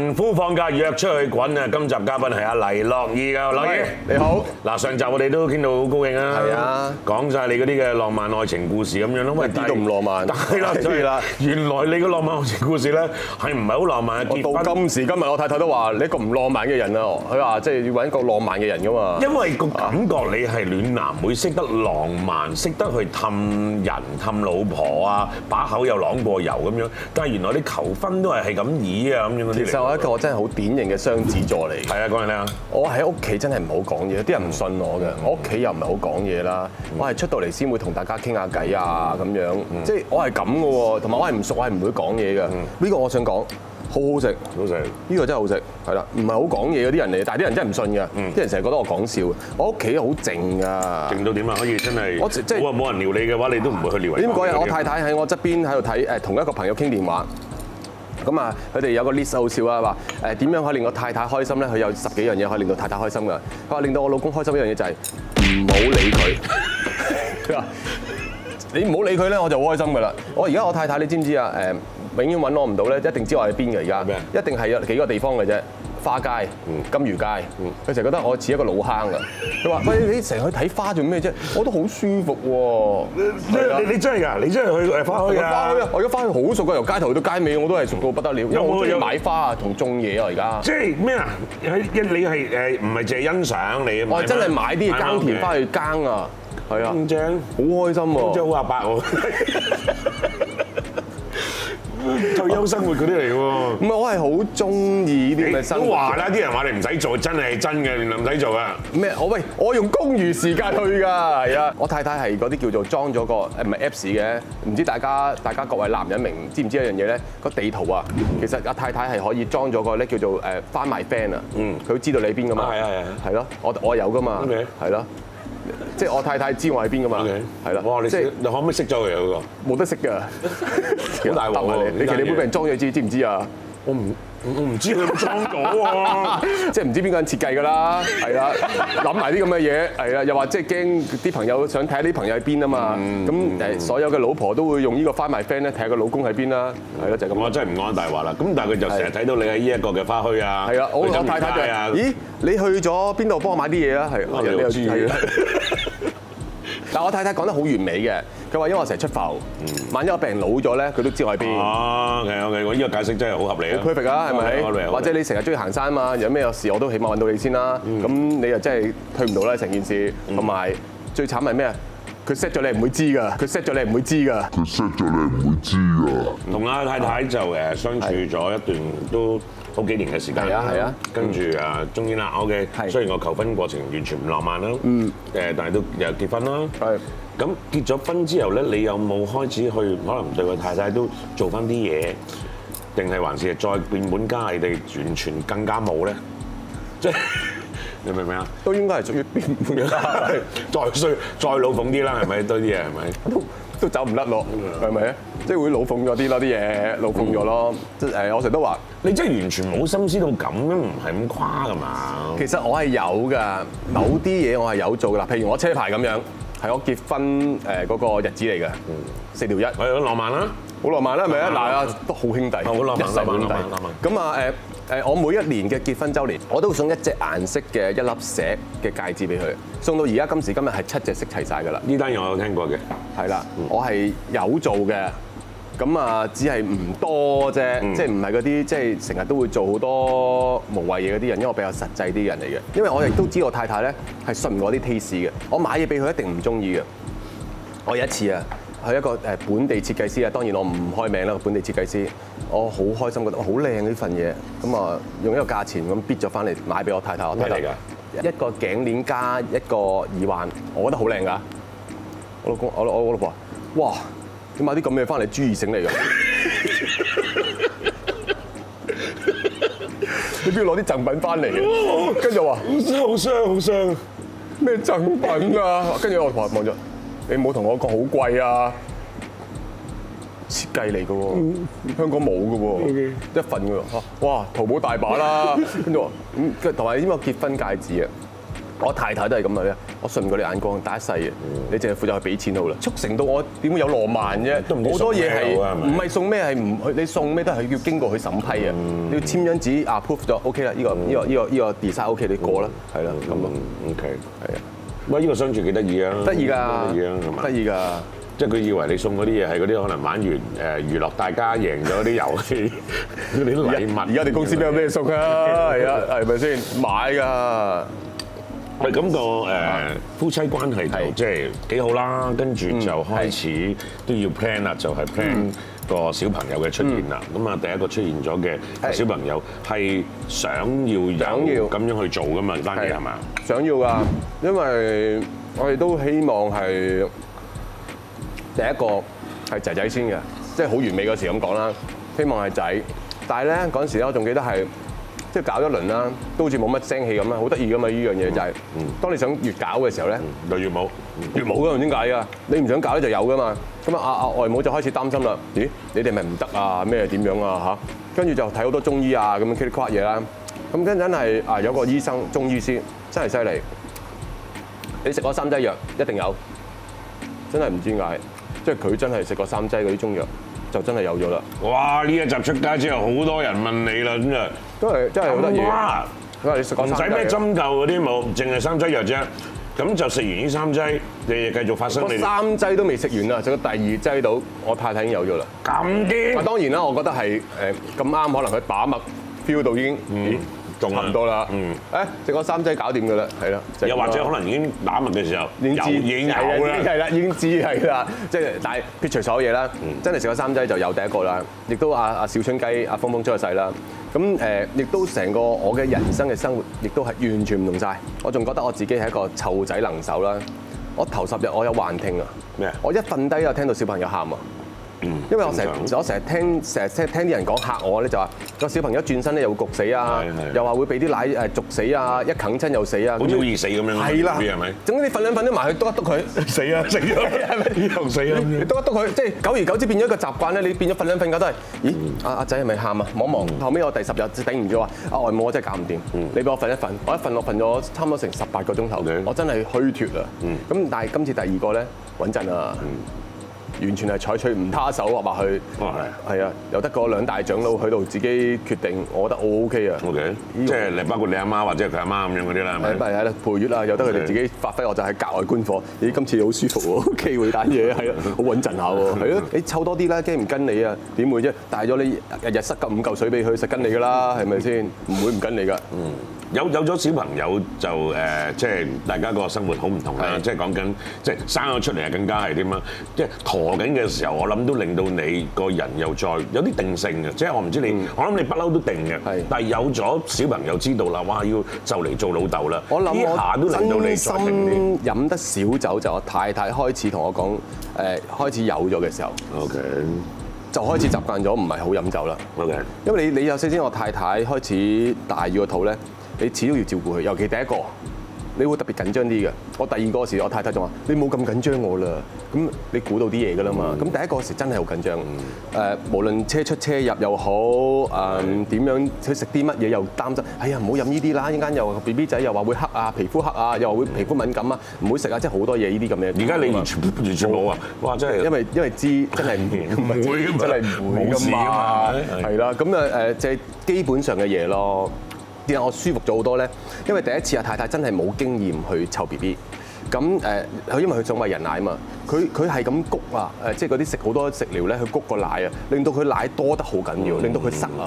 人夫放假約出去滾啊！今集嘉賓係阿黎諾懿啊，諾懿喂，你好。嗱 上集我哋都傾到好高興啊，講晒是的 你嗰啲嘅浪漫愛情故事咁樣咯，一啲都唔浪漫。係啦，所以啦， 原來你嘅浪漫愛情故事咧係唔係好浪漫啊？我婚到今時今日，我太太都話你一個唔浪漫嘅人啊，佢話即係要揾個浪漫嘅人噶嘛。因為個感覺你係暖男，啊、會識得浪漫，識得去氹人、氹老婆啊，把口又啷過油咁樣。但係原來你求婚都係係咁意啊，咁樣啲我一個真係好典型嘅雙子座嚟嘅。係啊，講嚟聽啊。我喺屋企真係唔好講嘢，啲人唔信我嘅。我屋企又唔係好講嘢啦，我係出到嚟先會同大家傾下偈啊咁樣。嗯、即係我係咁嘅喎，同埋我係唔熟，好我係唔會講嘢嘅。呢、嗯、個我想講，好好食好食，好食。呢個真係好食。係啦，唔係好講嘢嗰啲人嚟，但係啲人真係唔信嘅。啲、嗯、人成日覺得我講笑。我屋企好靜啊。靜到點啊？可以真係冇人冇人撩你嘅話，你都唔會去撩。因為嗰日我太太喺我側邊喺度睇誒，同一個朋友傾電話咁啊，佢哋有個 list 好笑啊，話誒點樣可以令個太太開心咧？佢有十幾樣嘢可以令到太太開心嘅。佢話令到我老公開心的一樣嘢就係唔好理佢。佢話你唔好理佢咧，我就好開心嘅啦。我而家我太太，你知唔知啊？誒，永遠搵我唔到咧，一定知我喺邊嘅而家。一定係有幾個地方嘅啫。花街、金魚街，佢成日覺得我似一個老坑㗎。佢話，喂，你成日去睇花做咩啫？我都好舒服喎。你真係㗎？你真係去花，我而家返去好熟㗎，由街頭到街尾，我都係熟到不得了。因為我鍾意買花啊，同種嘢啊。而家即係咩啊？你係誒唔係淨係欣賞你啊？我真係買啲耕田返去耕啊！係啊，好開心喎！真係好阿伯.退休生活嗰啲嚟嘅喎，唔係我係好中意呢啲嘅生活。都話啦，啲人話你唔使做，真係真嘅原來唔使做啊。咩？我喂，我用公餘時間去㗎，係啊。我太太係嗰啲叫做裝咗個誒，唔係 Apps 嘅，唔知大家大家各位男人明知唔知一樣嘢咧？個地圖啊，其實阿太太係可以裝咗個咧叫做誒 Find My Friend 啊。嗯，佢知道你邊㗎嘛？係啊係啊。係咯，我我有㗎嘛？係咯。即係我太太知我喺邊噶嘛，係啦。即係你可唔可以識咗佢啊？嗰個冇得識㗎，幾大鑊呀！你你其實你會俾人裝嘢知，知唔知啊？我唔我唔知佢裝到啊，即係唔知邊個人設計㗎啦。係啦，諗埋啲咁嘅嘢，係啦，又話即係驚啲朋友想睇下啲朋友喺邊啊嘛。咁所有嘅老婆都會用呢個 Find My Friend 呢睇下個老公喺邊啦，係咯，就咁。我真係唔講大話啦。咁但係佢就成日睇到你喺呢一個嘅花墟啊，同太太啊。咦？你去咗邊度幫我買啲嘢啊？係，你有注意。但我太太講得好完美嘅，佢話因為我成日出埠，萬一我病人老咗咧，佢都知道我喺邊，啊。o k OK，我呢個解釋真係好合，吧合理，好 p e r，係咪或者你成日中意行山啊嘛，有咩事我都起碼揾到你先啦。咁、嗯、你又真係退唔到啦，成件事。同埋最慘係咩啊？佢 set 咗你唔會知㗎，佢 set 咗你唔會知㗎。佢 set 咗你唔會知㗎。同阿太太就誒相處咗一段都，好幾年嘅時間啊，係啊，跟住啊，終於啦，OK，雖然我求婚過程完全唔浪漫啦，誒，但係都又結婚啦。係，咁結咗婚之後咧，你有冇開始去可能對佢太太都做翻啲嘢，定係還是再變本加厲地完全更加冇咧？即係你明唔明啊？都應該係屬於變本加厲，再衰再老奉啲啦，係咪多啲啊？係咪？都走唔甩咯，係咪啊？嗯、即係會老奉咗啲咯，啲嘢老奉咗咯。即係我成日都話，你真係完全冇心思到咁，唔係咁誇噶嘛。其實我係有噶，某啲嘢我係有做噶啦。譬如我車牌咁樣，係我結婚誒嗰個日子嚟嘅、嗯，四條一，係浪漫啦，好浪漫啦，係咪啊？嗱啊，都好兄弟，好一齊兄弟，咁啊誒。誒，我每一年嘅結婚週年，我都送一隻顏色嘅一粒石嘅戒指俾佢，送到而家今時今日係七隻色齊晒噶啦。呢單嘢我有聽過嘅了，係啦，我係有做嘅，咁啊，只係唔多啫、嗯，即係唔係嗰啲即係成日都會做好多無謂嘢嗰啲人，因為我比較實際啲人嚟嘅。因為我亦都知道我太太咧係信唔過我啲 taste 嘅，我買嘢俾佢一定唔中意嘅。我有一次啊。係一個誒本地設計師啊，當然我唔開名啦，本地設計師。我好開心，覺得好靚呢份嘢。咁啊，用一個價錢咁逼咗翻嚟買俾我太太。咩嚟㗎？一個頸鏈加一個耳環，我覺得好靚㗎。我老公，我我，我老婆，哇！你買啲咁嘅翻嚟，豬耳繩嚟㗎？你邊度攞啲贈品翻嚟？跟住我話，好傷好傷，咩贈品啊？跟住我望望咗。你唔好同我講好貴啊！設計嚟嘅喎，香港冇嘅喎，一份嘅喎。哇，淘寶大把啦。跟住話，同埋呢個結婚戒指啊，我太太都係咁樣啊，我信唔過你眼光，大細嘅，你淨係負責去俾錢好啦。促成到我點會有浪漫啫？好多嘢係唔係送咩係唔？你送咩都係要經過佢審批啊，要簽張紙啊 approve 就 o k 啦，呢個、呢個、呢個、呢個 design OK，你過啦，係啦、嗯，咁咯、嗯、OK，係啊。喂、這個，呢個相處幾得意啊！得意㗎，得意㗎！即係佢以為你送嗰啲嘢係嗰啲可能玩完誒娛樂，大家贏咗啲遊戲，佢哋啲禮物等等。而家你公司都有咩送啊？係啊，係咪先買㗎？係、那、咁個誒夫妻關係就挺，即係幾好啦。跟住就開始都要 plan 啦，就係 plan。個小朋友嘅出現啦，咁、嗯、啊第一個出現咗嘅小朋友係想要咁樣去做㗎嘛，單嘢係嘛？想要㗎吧，因為我哋都希望係第一個係仔仔先嘅，即係好完美嗰時咁講啦，希望係仔，但係咧嗰陣時咧我仲記得係。即係搞一輪啦，都好似冇乜聲氣咁啦，好得意噶嘛！呢樣嘢就係，當你想越搞嘅時候咧，就越冇，越冇噶。點解啊？你唔想搞咧就有噶嘛。咁啊啊外母就開始擔心啦。咦？你哋咪唔得啊？咩點樣啊？嚇！跟住就睇好多中醫啊，咁樣傾啲骨嘢啦。咁跟陣係啊，有個醫生中醫師真係犀利。你食過三劑藥一定有，真係唔知點解，即係佢真係食過三劑嗰啲中藥就真係有咗啦。哇！呢一集出街之後，好多人問你啦，真係～因為真係好得意，唔使咩針灸嗰啲，冇，淨係三劑藥啫。咁就食完呢三劑，日日繼續發生三劑都未食完啊！食到第二劑到，我太太已經有咗啦。咁啲？當然啦，我覺得係誒咁啱，可能佢把脈 feel 到已經。嗯仲咁多啦，嗯，誒食咗三劑搞掂嘅啦，係咯，又或者可能已經打盲嘅時候，已經知有啦，係啦，已經知係啦，即係但係撇除所有嘢啦，真係食咗三劑就有第一個啦，亦都阿阿小春雞、阿風風出世啦，咁誒，亦都成個我嘅人生嘅生活，亦都係完全唔同晒。我仲覺得我自己係一個湊仔能手啦。我頭十日我有幻聽啊，咩啊？我一瞓低就聽到小朋友喊啊！麼因為我成日我成日聽成日聽聽啲人講，嚇我咧，就話個小朋友轉身咧又焗死啊，又話會俾啲奶誒逐死啊，一啃親又死啊，好似好易死咁樣咯，係咪？總之你瞓兩瞓都埋去，督一督佢死啊死咗，又死啊，你督一督佢，即係久而久之變咗一個習慣咧，你變咗瞓兩瞓覺都係，咦？阿阿仔係咪喊啊？望望後尾我第十日就頂唔住話，阿外母我真係搞唔掂，你俾我瞓一瞓，我一瞓落瞓咗差唔多成十八個鐘頭，我真係虛脫啊！咁但係今次第二個咧穩陣啊！完全係採取唔他手畫畫佢，係啊，由得嗰兩大長老喺度自己決定，我覺得我 OK 啊，OK，即係你包括你阿媽或者佢阿媽咁樣嗰啲啦，係咪？係啦，陪月啦，有得佢哋自己發揮，我就喺隔岸觀火。咦的，今次好舒服喎， 機會單嘢係啊，好穩陣下喎，係咯， 你湊多啲啦，驚唔跟你啊？點會啫？大咗你日日塞咁五嚿水俾佢，實跟你噶啦，係咪先？唔 會唔跟你噶。嗯有有咗小朋友就誒、呃是的，即係大家個生活好唔同啦。即係講緊，即係生咗出嚟啊，更加係點樣？即係陀緊嘅時候，我諗都令到你個人又再有啲定性嘅。即係我唔知你，嗯、我諗你不嬲都定嘅。係，是的 但係有咗小朋友知道啦，哇！要就嚟做老豆啦。我諗我真心飲得少酒，就我太太開始同我講誒、呃，開始有咗嘅時候，OK，就開始習慣咗唔係好飲酒啦。OK，因為你你有先知，我太太開始大住個肚咧。你始終要照顧佢，尤其第一個，你會特別緊張啲嘅。我第二個時，我太太仲話：你冇咁緊張我啦。咁你估到啲嘢㗎啦嘛。咁第一個時真係好緊張。誒，無論車出車入又好，誒，點樣去食啲乜嘢又擔心。哎呀，唔好飲呢啲啦！一陣間又 B B 仔又話會黑啊，皮膚黑啊，又話會皮膚敏感啊，唔好食啊！即係好多嘢呢啲咁嘅。而家你完全冇啊！哇，真係因為因為知真係唔會，真係唔會嘅嘛。係啦，咁啊誒，即係基本上嘅嘢咯。點解我舒服咗好多呢，因為第一次阿太太真係冇經驗去湊 BB。咁誒，佢因為佢仲喂人奶嘛，佢佢係咁谷啊，誒，即係嗰啲食好多食料咧，佢谷個奶啊，令到佢奶多得好緊要，令到佢塞啊，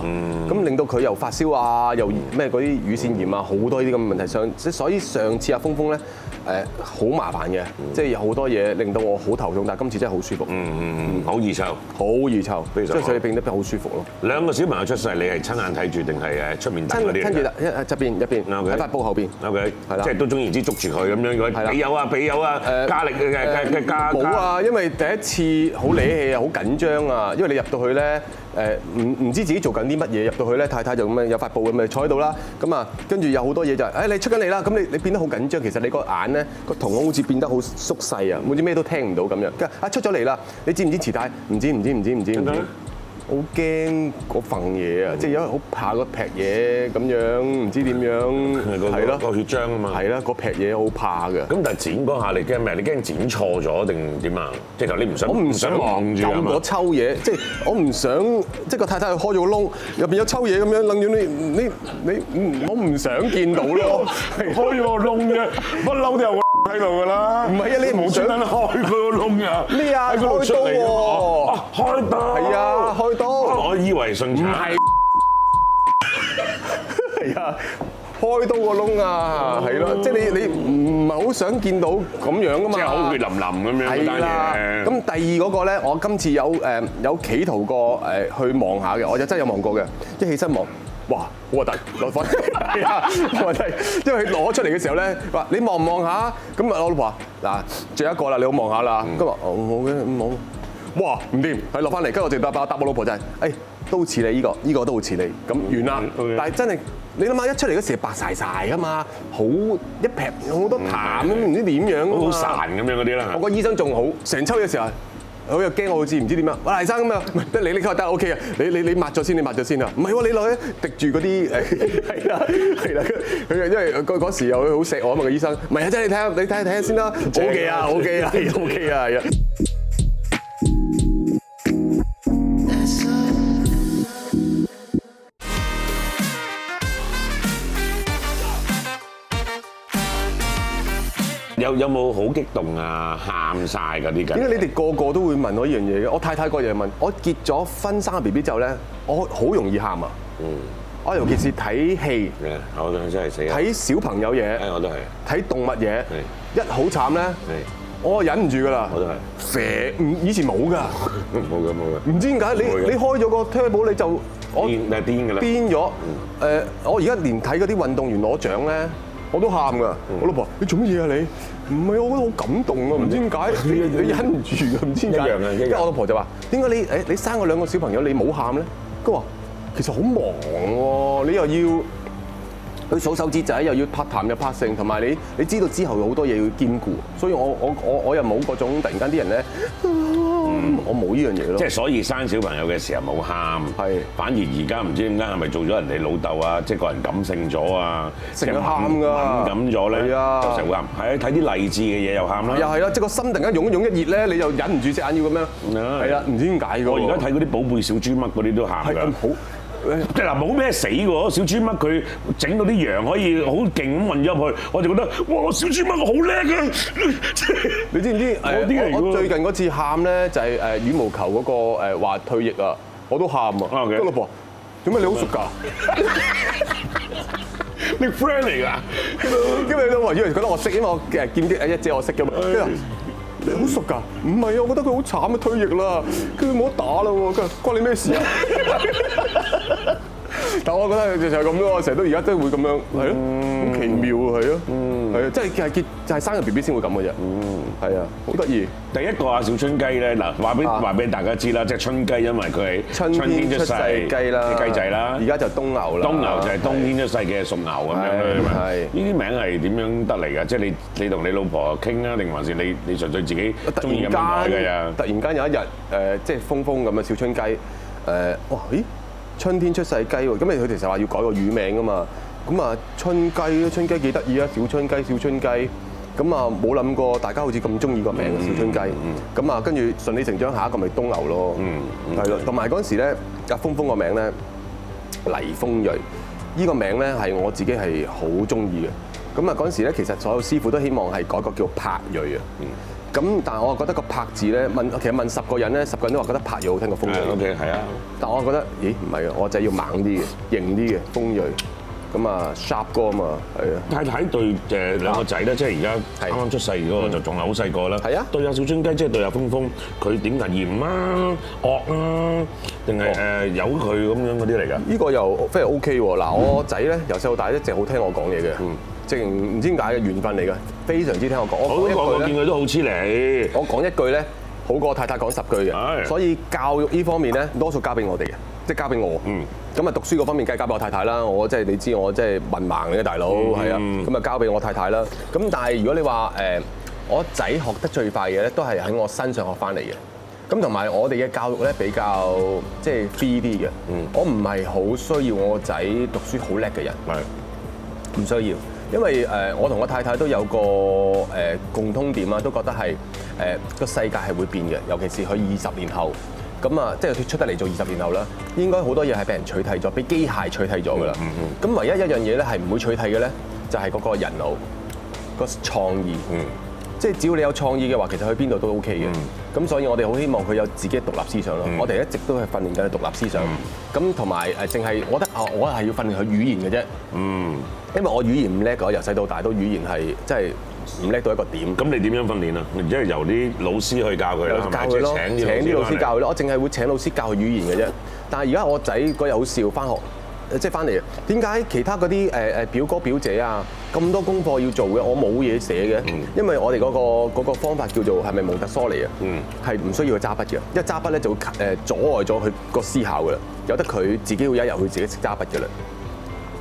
咁令到佢又發燒啊，又咩嗰啲乳腺炎啊，好多呢啲咁嘅問題上，即所以上次阿峰峰咧誒，好麻煩嘅，即係有好多嘢令到我好頭痛，但係今次真係好舒服，嗯嗯好易湊，好易湊，即係所以變得比較好舒服咯。常兩個小朋友出世，你係親眼睇住定係誒出面啲親住啦，一入邊入邊，喺塊好的 布後邊，OK，係啦，的對了 即係都總言之捉住佢咁樣，對了 話俾、呃、有啊，加力嘅嘅嘅加冇啊，因為第一次好理氣啊，好緊張啊，因為你入到去咧，誒唔唔知自己做緊啲乜嘢，入到去咧，太太就咁樣有塊布咁咪坐喺度啦，咁啊、就係，跟住有好多嘢就係，誒你出緊嚟啦，咁你你變得好緊張，其實你個眼咧個瞳孔好似變得好縮細啊，好似咩都聽唔到咁樣。啊出咗嚟啦，你知唔知臍帶？唔知唔知唔知唔、嗯、知。好驚嗰份嘢啊！嗯、即係因為好怕嗰劈嘢咁樣，唔知點樣係咯個血漿啊嘛係啦，個劈嘢好怕㗎。咁但係剪嗰下你驚咩？你驚剪錯咗定點啊？即係頭你唔想我唔想望住啊抽嘢，就是、 即係我唔想，即係個太太去開咗個窿，入邊有抽嘢咁樣，楞住你你你，你，我唔想見到咯， 開咗個窿嘅不嬲都有喺度㗎啦，唔係啊，你唔想開窿呀！咩啊？開刀喎！開刀！係啊！開刀！我以為順產。係啊！開刀個窿啊！係咯，即係你你唔係好想見到咁樣噶嘛？即係好血淋淋咁樣。係啦。咁第二嗰個咧，我今次有誒有企圖過誒去望下嘅，我就真係有望過嘅，一起身望。哇，好核突，攞翻，因為攞出嚟嘅時候咧，話你望唔望下？咁啊，我老婆話：嗱，最後一個啦，你好望下啦。咁話、嗯，好冇嘅，好！哇，唔掂，係落翻嚟，跟住我直頭答答我老婆就係：，誒、哎，都似你呢、這個，呢、這個都好似你。咁完啦。嗯 okay、但係真係你諗下，一出嚟嗰時候白晒晒噶嘛，好一撇好多痰，唔知點樣好，嘛。好孱咁樣好，啲啦。我個醫生仲好，成抽嘅時候。好我又驚我好似唔知點樣啊？哇！黎生咁啊，得你你佢得 OK 啊？你你你抹咗先，你抹咗先啊？唔係喎，你落去滴住嗰啲誒，係啦係啦，佢因為嗰時又好錫我啊嘛，個醫生。唔係啊，即係你睇下，你睇下睇下先啦。OK 啊，OK 啊，OK 啊，係啊。有冇好激動啊？喊晒嗰啲㗎？點解你哋個個都會問我依樣嘢嘅？我太太個日又問我結咗婚生 B B 之後咧，我好容易喊啊！嗯，我尤其是睇戲，真係死睇小朋友嘢，我都係睇動物嘢，一好慘咧，我忍唔住㗎啦，我都係。蛇以前冇㗎，冇㗎冇㗎，唔知點解你你開咗個 table 你就癲係癲㗎啦，癲咗誒！我而家連睇嗰啲運動員攞獎咧，我都喊㗎！我老婆，你做乜嘢啊你？唔係，我覺得好感動啊！唔知點解，你忍唔住啊，唔知點解。一樣嘅，因為我老婆就話：點解你誒你生咗兩個小朋友你冇喊咧？佢話其實好忙喎，你又要去數手指仔，又要拍痰又拍成，同埋你你知道之後好多嘢要兼顧，所以我我我我又冇嗰種突然間啲人咧。咁我冇呢樣嘢咯，即係所以生小朋友嘅時候冇喊，係反而而家唔知點解係咪做咗人哋老豆啊？即係個人感性咗啊，成日喊噶，敏感咗啦，成日喊，係啊，睇啲勵志嘅嘢又喊啦，又係啦，即係個心突然間湧一湧一熱咧，你就忍唔住隻眼要咁樣，係啊是的，唔知點解嘅喎。我而家睇嗰啲寶貝小豬乜嗰啲都喊㗎。嗯好即係嗱，冇咩死喎，小豬乜佢整到啲羊可以好勁咁混咗入去，我就覺得哇，小豬乜我好叻啊！ 你知唔知？誒，我最近嗰次喊咧就係、是、誒羽毛球嗰個誒話退役啊，我都喊啊！得 Okay. 老婆，做咩你好熟㗎？你 friend 嚟㗎？因為老婆以為覺得我識，因為我誒見啲一姐我識㗎嘛。你好熟㗎？唔係啊，我覺得佢好慘啊，退役啦，佢冇得打啦喎。關你咩事啊？ 但我覺得就係成日咁咯，我成日都而家都會咁樣，係咯，好奇妙啊，係咯，係啊、嗯，即係結結就係、是、生個 B B 先會咁嘅啫，係啊，好得意。第一個啊，小春雞咧，嗱，話俾話俾大家知啦，即係春雞，因為佢係春天出世雞啦，雞仔啦。而家就冬牛啦。冬牛就係冬天出世嘅屬牛咁樣啦，係咪？呢啲名係點樣得嚟㗎？即係你你同你老婆傾啊，定還是你你純粹自己中意咁買嘅呀？突然間突然有一日，誒，即係風風咁嘅小春雞，誒，哇，咦？春天出世雞喎，咁你佢其實話要改個乳名噶嘛？咁啊，春雞，春雞幾得意啊，小春雞，小春雞。咁啊，冇諗過大家好似咁中意個名字，嗯、小春雞。咁啊、嗯，跟住順理成章，下一個咪冬牛咯。嗯，係咯的。同埋嗰陣時咧，阿峰峰，這個名咧，黎峰鋭，呢個名咧係我自己係好中意嘅。咁啊，嗰陣時咧，其實所有師傅都希望係改個叫柏鋭啊。嗯。咁，但係我覺得個拍字咧問，其實問十個人咧，十個人都話覺得拍嘢好聽過風鋭。OK 係啊。但係我覺得，咦，唔係啊，我仔要猛啲嘅，型啲嘅風鋭。咁啊，十個啊嘛，係啊。太太對誒兩個仔咧，即係而家啱啱出世嗰個就仲係好細個啦。係啊的、嗯了。對阿小春雞，即係對阿風風，佢點嚴？啊惡啊，定係誒由佢咁樣嗰啲嚟㗎？呢、哦、個又非常 OK 喎。嗱，我仔咧由細到大一直好聽我講嘢嘅。嗯。正唔知點解嘅緣分嚟嘅，非常之聽我講。我講一句咧，見佢都好似你。我講一句咧，好過我太太講十句嘅。是的 所以教育呢方面咧，多數交俾我哋嘅，即係交俾我。嗯。咁啊，讀書嗰方面梗係交俾我太太啦。我即係你知，我即係文盲嘅大佬，係、嗯、啊。咁啊，交俾我太太啦。咁但係如果你話誒，我仔學得最快嘅咧，都係喺我身上學翻嚟嘅。咁同埋我哋嘅教育咧，比較即係 free 啲嘅。嗯、我唔係好需要我仔讀書好叻嘅人，係唔需要。因為誒、呃，我同我太太都有個誒、呃、共通點啊，都覺得係誒，個世界係會變嘅，尤其是佢二十年後，咁啊，即係佢出得嚟做二十年後啦，應該好多嘢係被人取替咗，俾機械取替咗㗎啦。咁、嗯嗯嗯、唯一一樣嘢咧係唔會取替嘅咧，就係、是、嗰個人腦、個創意。嗯即係只要你有創意嘅話，其實去邊度都 OK 嘅。咁所以我哋好希望佢有自己嘅獨立思想咯。我哋一直都係訓練緊佢獨立思想、嗯。咁同埋誒，淨係我覺得我係要訓練佢語言嘅啫。嗯，因為我語言唔叻嘅，由細到大都語言係即係唔叻到一個點、嗯。咁你點樣訓練啊？唔即係由啲老師去教佢啊？教佢咯，請啲老師教佢咯。我淨係會請老師教佢語言嘅啫。但係而家我仔嗰日好笑，翻學即係翻嚟啊！點解其他嗰啲誒誒表哥表姐啊？咁多功課要做嘅，我冇嘢寫嘅，嗯、因為我哋嗰、嗰個嗰個方法叫做係咪蒙特梭利啊？係唔、嗯、需要去揸筆嘅，一揸筆咧就會誒阻礙咗佢個思考㗎啦，由得佢自己會一日去自己揸筆嘅啦。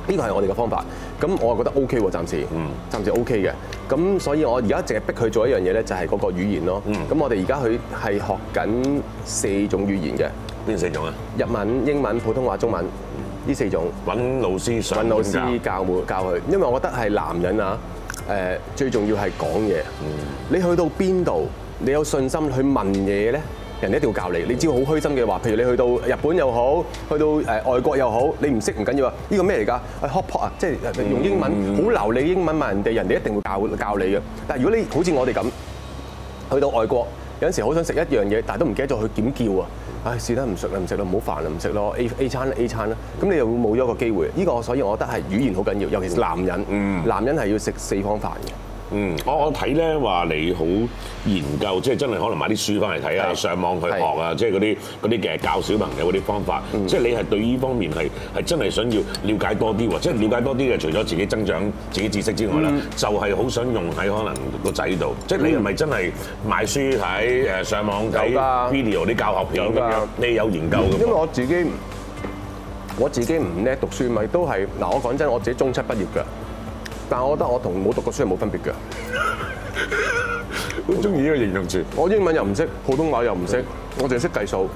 呢個係我哋嘅方法，咁我係覺得 O K 喎，暫時的，暫時 O K 嘅。咁所以我而家淨係逼佢做一樣嘢咧，就係、是、嗰個語言咯。咁、嗯、我哋而家佢係學緊四種語言嘅，邊四種啊？日文、英文、普通話、中文。呢四種揾老師上，揾老師教滿教佢，因為我覺得係男人啊，誒、呃、最重要係講嘢。嗯、你去到邊度，你有信心去問嘢咧，人哋一定要教你。你只要好虛心嘅話，譬如你去到日本又好，去到誒、呃、外國又好，你唔識唔緊要、這個、啊。呢個咩嚟㗎？Hotpot 啊，即係用英文好、嗯、流利英文問人哋，人哋一定會教教你嘅。但係如果你好似我哋咁，去到外國有陣時好想食一樣嘢，但係都唔記得咗佢點叫啊！唉，試得唔熟啦，唔食啦，唔好煩啦，唔食咯。A A 餐啦 A 餐啦，咁你又會冇咗個機會。呢、呢個所以我覺得係語言好緊要，尤其是男人。嗯、男人係要食四方飯嘅。嗯，我我睇咧話你好研究，即係真係可能買啲書翻嚟睇啊，是上網去學啊，是的 即係嗰啲啲嘅教小朋友嗰啲方法，即係、嗯、你係對呢方面係係真係想要了解多啲喎，即、就、係、是、了解多啲嘅，除咗自己增長自己知識之外啦，嗯、就係好想用喺可能個仔度，即係、嗯、你唔係真係買書睇誒、嗯、上網睇的 video 啲教學片咁的你有研究嘅。因為我自己我自己唔叻讀書，咪都係嗱，我講真，我自己中七畢業㗎。但係我覺得我同冇讀過書係冇分別嘅。好中意呢個形容詞，我英文又唔識，普通話又唔識，我淨係識計數。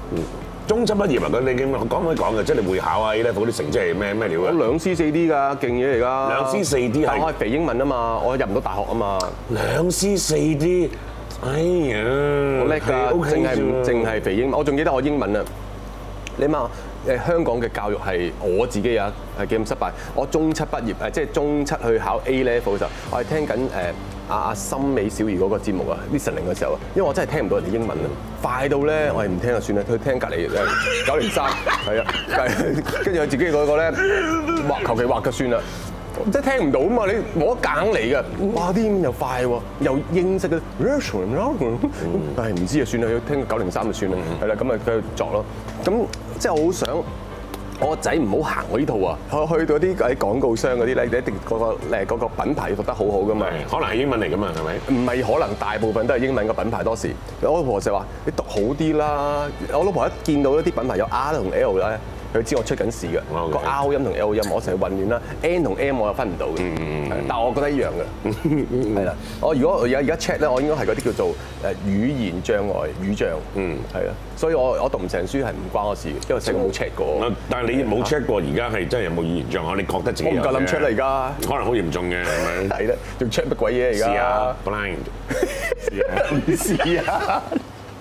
中七畢業文佢你你講可以講嘅，即係你會考啊依啲，啲成績係咩咩料啊？我兩 C 四 D，㗎，勁嘢嚟㗎。兩 C 四 D 係我係肥英文啊嘛，我入唔到大學啊嘛。兩 C 四 D，哎呀，好叻㗎，淨係淨係肥英文，我仲記得我英文啊，你嘛？誒，香港嘅教育係我自己有一係幾咁失敗，我中七畢業誒，即係中七去考 A level 嘅時候，我係聽緊誒阿阿森美小儀嗰個節目啊，listening 嗰時候啊，因為我真係聽唔到人哋英文啊，快到咧、嗯、我係唔聽就算啦，佢聽隔離九零三，係 啊，跟住佢自己嗰個咧畫，求其畫就算啦，即係聽唔到啊嘛，你冇得揀嚟嘅，哇啲咁又快喎，又英式嘅，哎唔、嗯、知就算啦，要聽九零三就算啦，係啦咁啊繼續作咯，咁。即係我好想我個仔唔好行我呢套啊！去去到啲喺廣告商嗰啲咧，一定嗰個誒個品牌要讀得好好噶嘛。可能係英文嚟㗎嘛，係咪？唔係可能大部分都係英文嘅品牌多時，我老婆就話：你讀好啲啦！我老婆一見到一啲品牌有 R 同 L 咧。佢知我出緊事嘅，個 R 音同 L 音我成日混亂啦，N 同 M 我又分唔到嘅，但係我覺得一樣嘅，係啦。我如果有而家 check 咧，我應該係嗰啲叫做誒語言障礙語障，嗯係啊。所以我我讀唔成書係唔關我事，因為成日冇 check 過。但係你冇 check 過，而家係真係有冇語言障礙？你覺得自己我唔夠膽 check 啦，而家可能好嚴重嘅，係咪？睇得仲 check 乜鬼嘢而家？是啊，blind。是啊。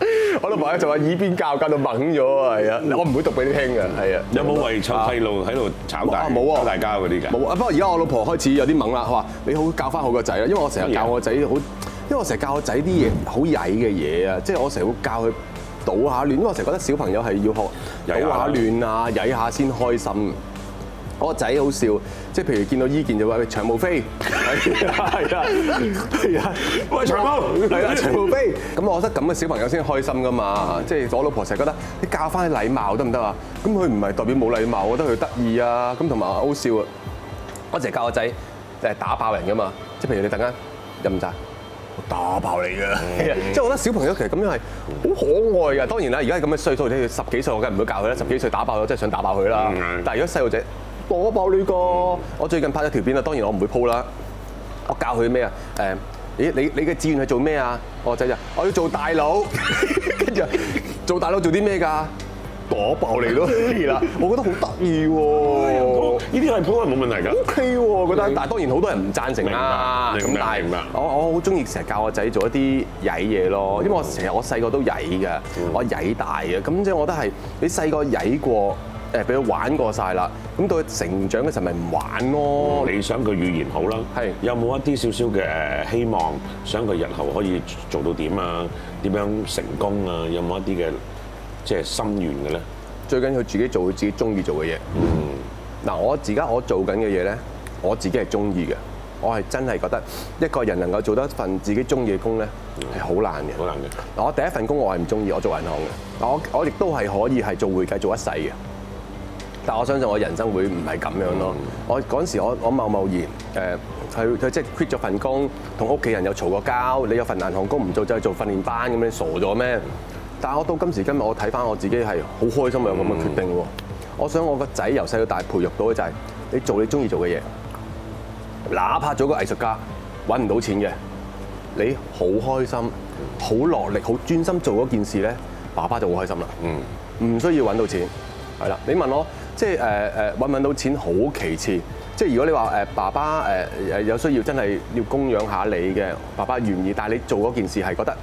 我老婆就話耳邊教教到懵咗啊！係啊，我唔會讀俾你聽噶，係啊。有冇為錯細路喺度炒大吵大交嗰啲㗎？啊，不過而家我老婆開始有啲懵啦，佢話：你教好教翻好個仔啊，因為我成日教我仔好麼、就是，因為我成日教我仔啲嘢好曳嘅嘢啊，即係我成日會教佢倒下亂，因為我成日覺得小朋友係要學倒下亂啊，曳下先開心。我個仔好笑，即係譬如見到伊健就話長毛飛，係啊 喂，喂，喂長毛，係啊長毛飛。咁我覺得咁嘅小朋友先開心㗎嘛，即係我老婆成日覺得你教翻啲禮貌得唔得啊？咁佢唔係代表冇禮貌，我覺得佢得意啊，咁同埋好笑啊。我成日教個仔誒打爆人㗎嘛，即係譬如你突然間任咋，我打爆你㗎。即係我覺得小朋友其實咁樣係好可愛㗎。當然啦，而家咁嘅歲數，你十幾歲我梗係唔會教佢啦。十幾歲打爆咗，真係想打爆佢啦。嗯、但係如果細路仔，我爆你個！我最近拍咗條片啊，當然我唔會鋪啦。我教佢咩啊？誒，咦，你你嘅志願係做咩啊？我仔就，我要做大佬，跟 住做大佬做啲咩㗎？ 我爆你咯！而啦、哎，我覺得好得意喎。呢啲係鋪係冇問題㗎。O K 喎，覺得，但係當然好多人唔贊成啦。咁但係我我好中意成日教我仔做一啲曳嘢咯，因為我成日我細個都曳嘅，我曳大嘅，咁即係我覺得係你細個曳過。誒俾佢玩過晒啦，咁到佢成長嘅時候咪唔玩咯、嗯。你想佢語言好啦，係是 有冇一啲少少嘅誒希望，想佢日後可以做到點啊？點樣成功啊？有冇一啲嘅即係心願嘅咧？最緊要佢自己做自己中意做嘅嘢。嗯，嗱，我而家我在做緊嘅嘢咧，我自己係中意嘅。我係真係覺得一個人能夠做得一份自己中意嘅工咧、嗯，係好難嘅。好難嘅。我第一份工我係唔中意，我做銀行嘅。我我亦都係可以係做會計做一世嘅。但我相信我人生會唔係咁樣咯、嗯。我嗰陣時我我貿貿然誒，佢、呃、佢即係 quit 咗份工，同屋企人又嘈過交。你有份銀行工唔做，做就去做訓練班咁樣傻咗咩？嗯、但我到今時今日，我睇翻我自己係好開心有咁嘅決定喎、嗯。我想我個仔由細到大培育到嘅就係你做你中意做嘅嘢，哪怕做個藝術家揾唔到錢嘅，你好開心、好落力、好專心做嗰件事咧，爸爸就好開心啦。嗯，唔需要揾到錢係啦。對了 你問我？即係誒誒揾唔揾到錢好其次，即係如果你話誒爸爸誒有需要真係要供養下你嘅爸爸願意，但係你做嗰件事係覺得。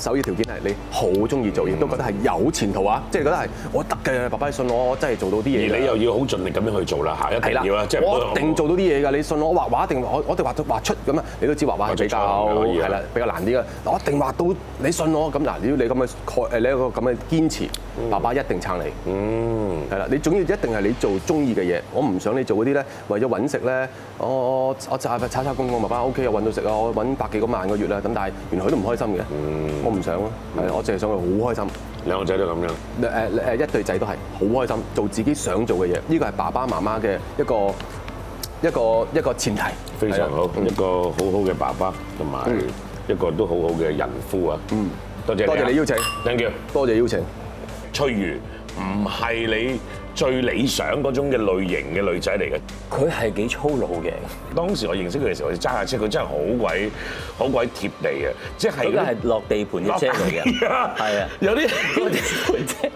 首要條件係你好中意做，亦都覺得係有前途啊！嗯、即係覺得係我得嘅，爸爸信我，我真係做到啲嘢。而你又要好盡力咁樣去做啦，下一定，的一定要啊！即係我一定做到啲嘢㗎，你信我，我畫畫一定我我哋畫到畫出咁啊！你都知道畫畫係比較係啦，了比較難啲㗎了的。我一定畫到，你信我咁嗱。如果你咁嘅確你有個咁嘅堅持，嗯、爸爸一定撐你。嗯，係啦，你總要一定係你做中意嘅嘢。我唔想你做嗰啲咧，為咗揾食咧，我我就係炒炒公工咪翻屋 k 又揾到食啊，我揾百幾個萬個月啦。咁但係原來佢都唔開心嘅。嗯。唔想咯，我淨係想佢好開、嗯、開心。兩個仔都咁樣，誒誒，一對仔都係好開心，做自己想做嘅嘢。呢個係爸爸媽媽嘅一個一個一個前提。非常好，對一個好好嘅爸爸同埋一個都好好嘅人夫啊。嗯，多謝多謝，謝，謝你邀請，Angel，多謝，謝邀請。翠如，唔係你。最理想嗰種嘅類型嘅女仔嚟嘅，佢係幾粗魯嘅。當時我認識佢嘅時候，我揸下車，佢真係好鬼好鬼貼地啊！即係而家係落地盤嘅車嚟嘅，係啊。有啲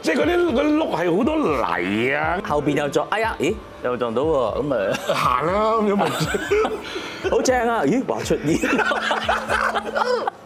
即係嗰啲嗰啲轆係好多泥啊！後邊又撞，哎呀，咦，又撞到喎，啊！咁咪行啦，咁咪好正啊！咦，話出煙。